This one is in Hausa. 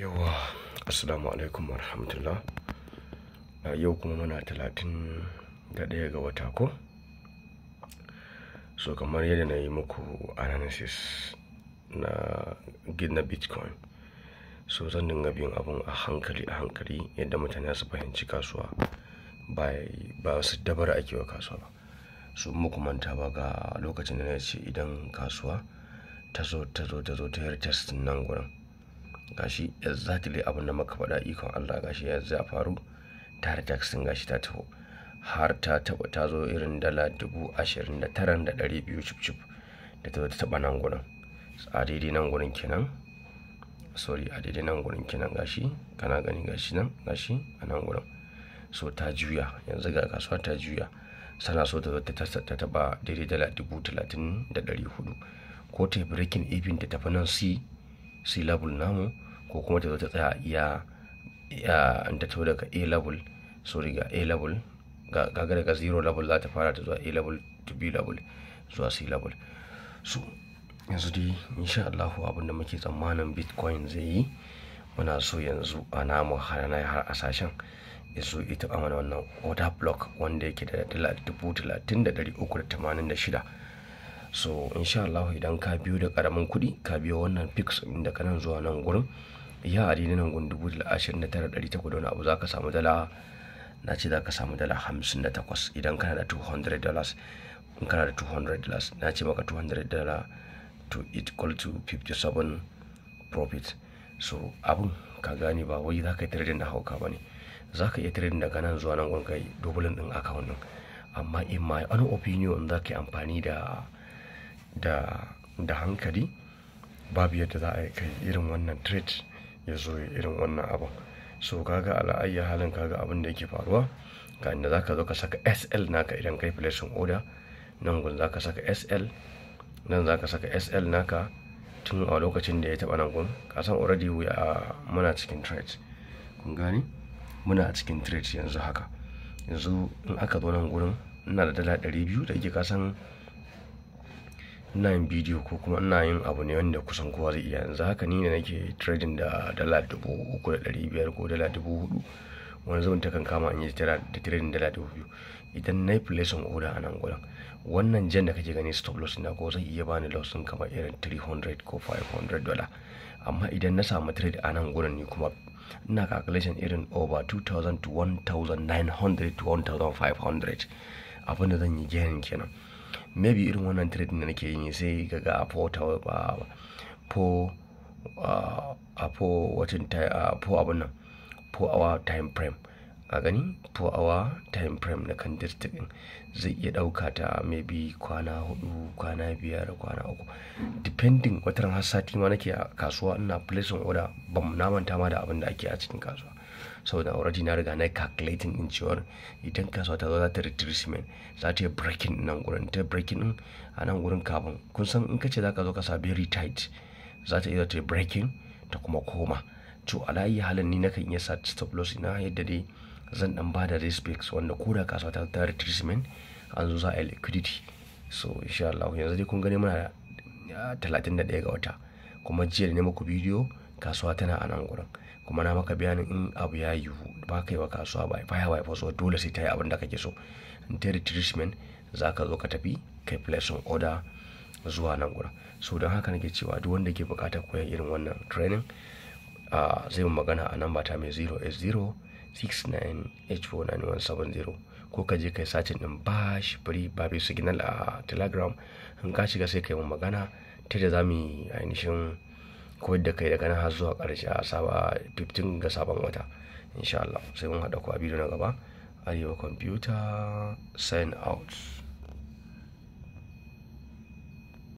yawa assalamu alaikum warahmatullah a yau kuma muna talatin da ɗaya ga wata ko so kamar yadda na yi muku analysis na gina bitcoin so zan dinga bin abun a hankali a hankali yadda mutane su fahimci kasuwa ba su dabar ake wa kasuwa ba su muku manta ba ga lokacin da na ce idan kasuwa ta zo ta zo ta zo test nan gurin gashi exactly abin da muka faɗa ikon Allah gashi ya za faru ta taxin gashi ta taho har ta taba ta zo irin dala dubu ashirin da taran da ɗari biyu cip cip da ta taɓa nan gurin a daidai nan gurin kenan sorry a daidai nan gurin kenan gashi kana gani gashi nan gashi a nan gurin so ta juya yanzu ga kasuwa ta juya sana so ta ta taɓa daidai dala dubu talatin da ɗari hudu ko ta yi breaking even ta tafi nan si c level namu ko kuma ta zo ta tsaya iya ya ta daga a level sorry ga a level gaga daga zero level za ta fara ta zuwa a level to b level zuwa c level so yanzu dai insha Allah abinda muke tsammanin bitcoin zai yi muna so yanzu a namu harana har a sashen yanzu ita mana wannan order block wanda yake da dala dubu talatin da dari uku da tamanin da shida so insha Allah idan ka biyo da karamin kuɗi ka biyo wannan fix da ka nan zuwa nan gurin ya ari na nan gun dubu da ashirin da tara ɗari takwas wani abu za ka samu dala na ce za ka samu dala hamsin da takwas idan kana da 200 dollars in kana da 200 dollars na ce maka 200 dollars to equal to 57 profit so abun ka gane ba wai za ka yi trading da hauka ba ne za ka iya trading daga nan zuwa nan gwanka kai dubulin din aka din amma in my own opinion za ka yi amfani da da hankali babu yadda za a yi kai irin wannan trade ya zo irin wannan abin so kaga ala'ayya halin kaga abin da yake faruwa ga inda za ka zo ka saka sl naka idan kai placing oda? nan gun za ka saka sl nan za ka saka sl naka tun a lokacin da ya taba nan gun kasan already we a muna cikin trade kun gani muna cikin trade yanzu haka yanzu in aka zo nan gurin ina da dala 200 da yake kasan ina yin bidiyo ko kuma ina yin abu ne wanda kusan kowa zai iya yanzu haka ni ne nake trading da dala dubu uku da ɗari biyar ko dala dubu hudu wani zaman ta kan kama in yi da trading dala dubu biyu idan na yi place on a nan gudan wannan jan da kake gani stop loss na ko zai iya bani loss din kamar irin 300 ko 500 dollar amma idan na samu trade a nan gudan ni kuma ina calculation irin over 2000 to 1900 to 1500 abinda zan yi gairin kenan maybe irin wannan trading da nake yi sai ga a po po a po watan po abin nan po hour time frame a gani po hour time frame na candidate din zai iya dauka ta maybe kwana hudu kwana biyar kwana uku depending wataran har sati ma nake a kasuwa ina placing order ban namanta ma da abin da ake a cikin kasuwa saboda already na riga na calculating in cewar idan kasuwa ta zo za ta retracement za ta yi breaking nan gurin ta breaking din a nan gurin kafin kun san in kace za ka zo ka sa very tight za ta iya ta yi breaking ta kuma koma to alayi halin ni nakan iya sa stop loss ina yadda dai zan dan ba da respects wanda ko da kasuwa ta ta retracement an zo za a yi liquidity so insha Allah yanzu dai kun gani muna 31 ah, ga wata kuma jiya ne muku bidiyo kasuwa tana a nan gurin kuma na maka bayanin in abu ya yiwu ba ka yi wa kasuwa ba baya ya dole sai ta yi abin da kake so in ta za ka zo ka tafi kai placing order zuwa nan gura so don haka nake cewa duk wanda ke bukatar koyan irin wannan training zai magana a namba ta mai 0s0 ko ka je kai sacin din bash free babu signal a telegram in ka shiga sai kai mun magana ta da za mu yi ainihin koyar da kai daga nan har zuwa ƙarshe a saba 15 ga sabon wata insha Allah sai mun haɗa ku a na gaba arewa computer sign out